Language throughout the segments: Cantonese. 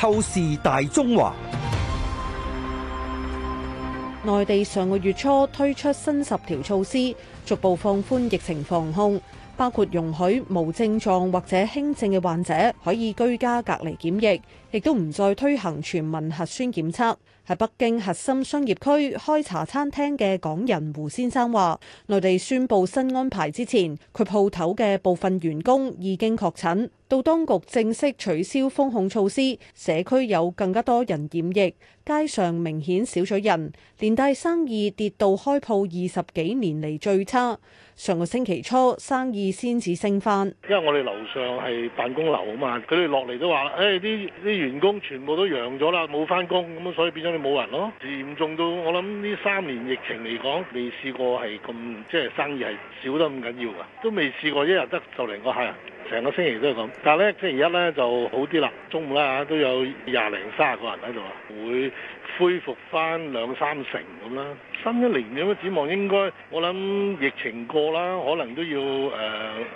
透視大中華，內地上個月初推出新十條措施，逐步放寬疫情防控，包括容許無症狀或者輕症嘅患者可以居家隔離檢疫，亦都唔再推行全民核酸檢測。喺北京核心商業區開茶餐廳嘅港人胡先生話，內地宣布新安排之前，佢鋪頭嘅部分員工已經確診。到當局正式取消封控措施，社區有更加多人染疫，街上明顯少咗人，連帶生意跌到開鋪二十幾年嚟最差。上個星期初生意先至升翻，因為我哋樓上係辦公樓啊嘛，佢哋落嚟都話啦，誒啲啲員工全部都陽咗啦，冇翻工，咁啊所以變咗你冇人咯。嚴重到我諗呢三年疫情嚟講，未試過係咁即係生意係少得咁緊要啊，都未試過一日得就幾個客人。成個星期都係咁，但係咧星期一咧就好啲啦。中午啦吓都有廿零卅個人喺度，會恢復翻兩三成咁啦。新一年嘅展望應該，我諗疫情過啦，可能都要誒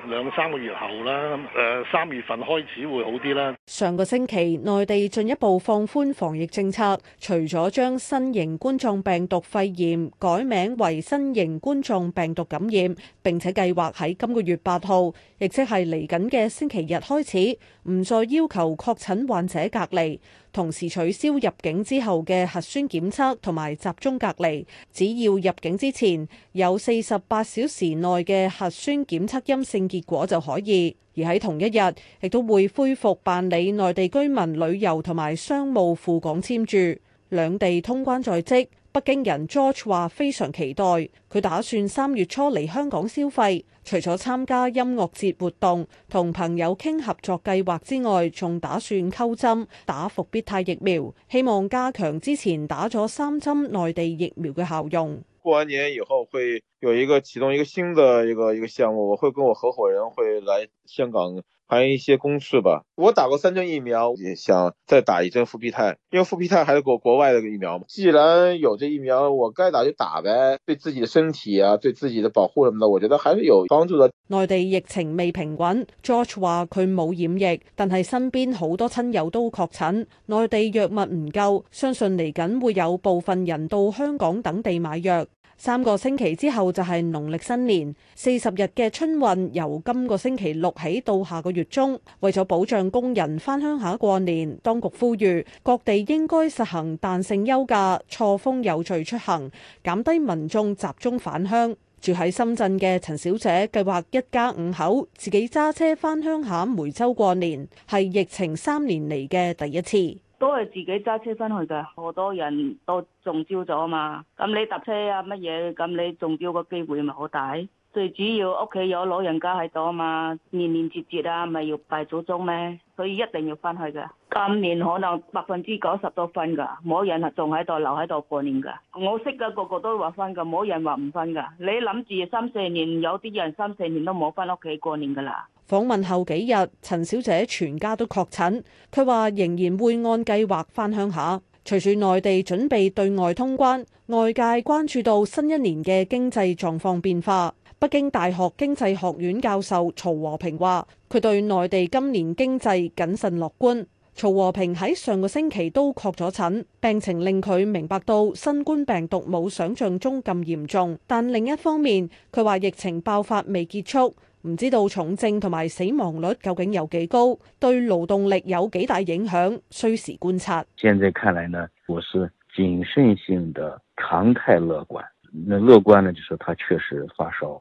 兩三個月後啦，誒三月份開始會好啲啦。上個星期，內地進一步放寬防疫政策，除咗將新型冠狀病毒肺炎改名為新型冠狀病毒感染，並且計劃喺今個月八號，亦即係嚟緊嘅星期日開始，唔再要求確診患者隔離，同時取消入境之後嘅核酸檢測同埋集中隔離，只要入境之前有四十八小時內嘅核酸檢測陰性結果就可以。而喺同一日，亦都會恢復辦理內地居民旅遊同埋商務赴港簽注，兩地通關在即。北京人 George 話：非常期待，佢打算三月初嚟香港消費，除咗參加音樂節活動同朋友傾合作計劃之外，仲打算溝針打復必泰疫苗，希望加強之前打咗三針內地疫苗嘅效用。過完年以後會有一個啟動一個新的一個一個項目，我會跟我合夥人會來香港。談一些公式吧。我打過三針疫苗，也想再打一針復必泰，因為復必泰還是國國外的疫苗嘛。既然有這疫苗，我該打就打唄，對自己的身體啊，對自己的保護什麼的，我覺得還是有幫助的。內地疫情未平穩，George 話佢冇染疫，但係身邊好多親友都確診。內地藥物唔夠，相信嚟緊會有部分人到香港等地買藥。三個星期之後就係農曆新年，四十日嘅春運由今個星期六起到下個月中。為咗保障工人返鄉下過年，當局呼籲各地應該實行彈性休假、錯峰有序出行，減低民眾集中返鄉。住喺深圳嘅陳小姐計劃一家五口自己揸車返鄉下梅州過年，係疫情三年嚟嘅第一次。都係自己揸車翻去噶，好多人都中招咗啊嘛。咁你搭車啊乜嘢，咁你中招個機會咪好大？最主要屋企有老人家喺度啊嘛，年年節節啊，咪要拜祖宗咩？所以一定要翻去嘅。今年可能百分之九十都翻噶，冇人仲喺度留喺度過年噶。我識嘅個個都話翻噶，冇人話唔翻噶。你諗住三四年，有啲人三四年都冇翻屋企過年㗎啦。訪問後幾日，陳小姐全家都確診，佢話仍然會按計劃翻鄉下。隨住內地準備對外通關，外界關注到新一年嘅經濟狀況變化。北京大學經濟學院教授曹和平話，佢對內地今年經濟謹慎樂觀。曹和平喺上個星期都確咗診，病情令佢明白到新冠病毒冇想象中咁嚴重。但另一方面，佢話疫情爆發未結束，唔知道重症同埋死亡率究竟有幾高，對勞動力有幾大影響，需時觀察。現在看來呢，我是謹慎性的常態樂觀。那樂觀呢，就是他確實發燒。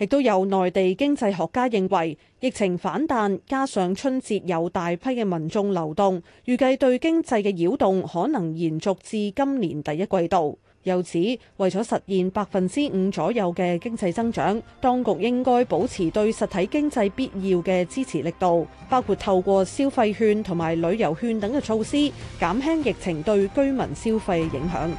亦都有內地經濟學家認為，疫情反彈加上春節有大批嘅民眾流動，預計對經濟嘅擾動可能延續至今年第一季度。由此，為咗實現百分之五左右嘅經濟增長，當局應該保持對實體經濟必要嘅支持力度，包括透過消費券同埋旅遊券等嘅措施，減輕疫情對居民消費嘅影響。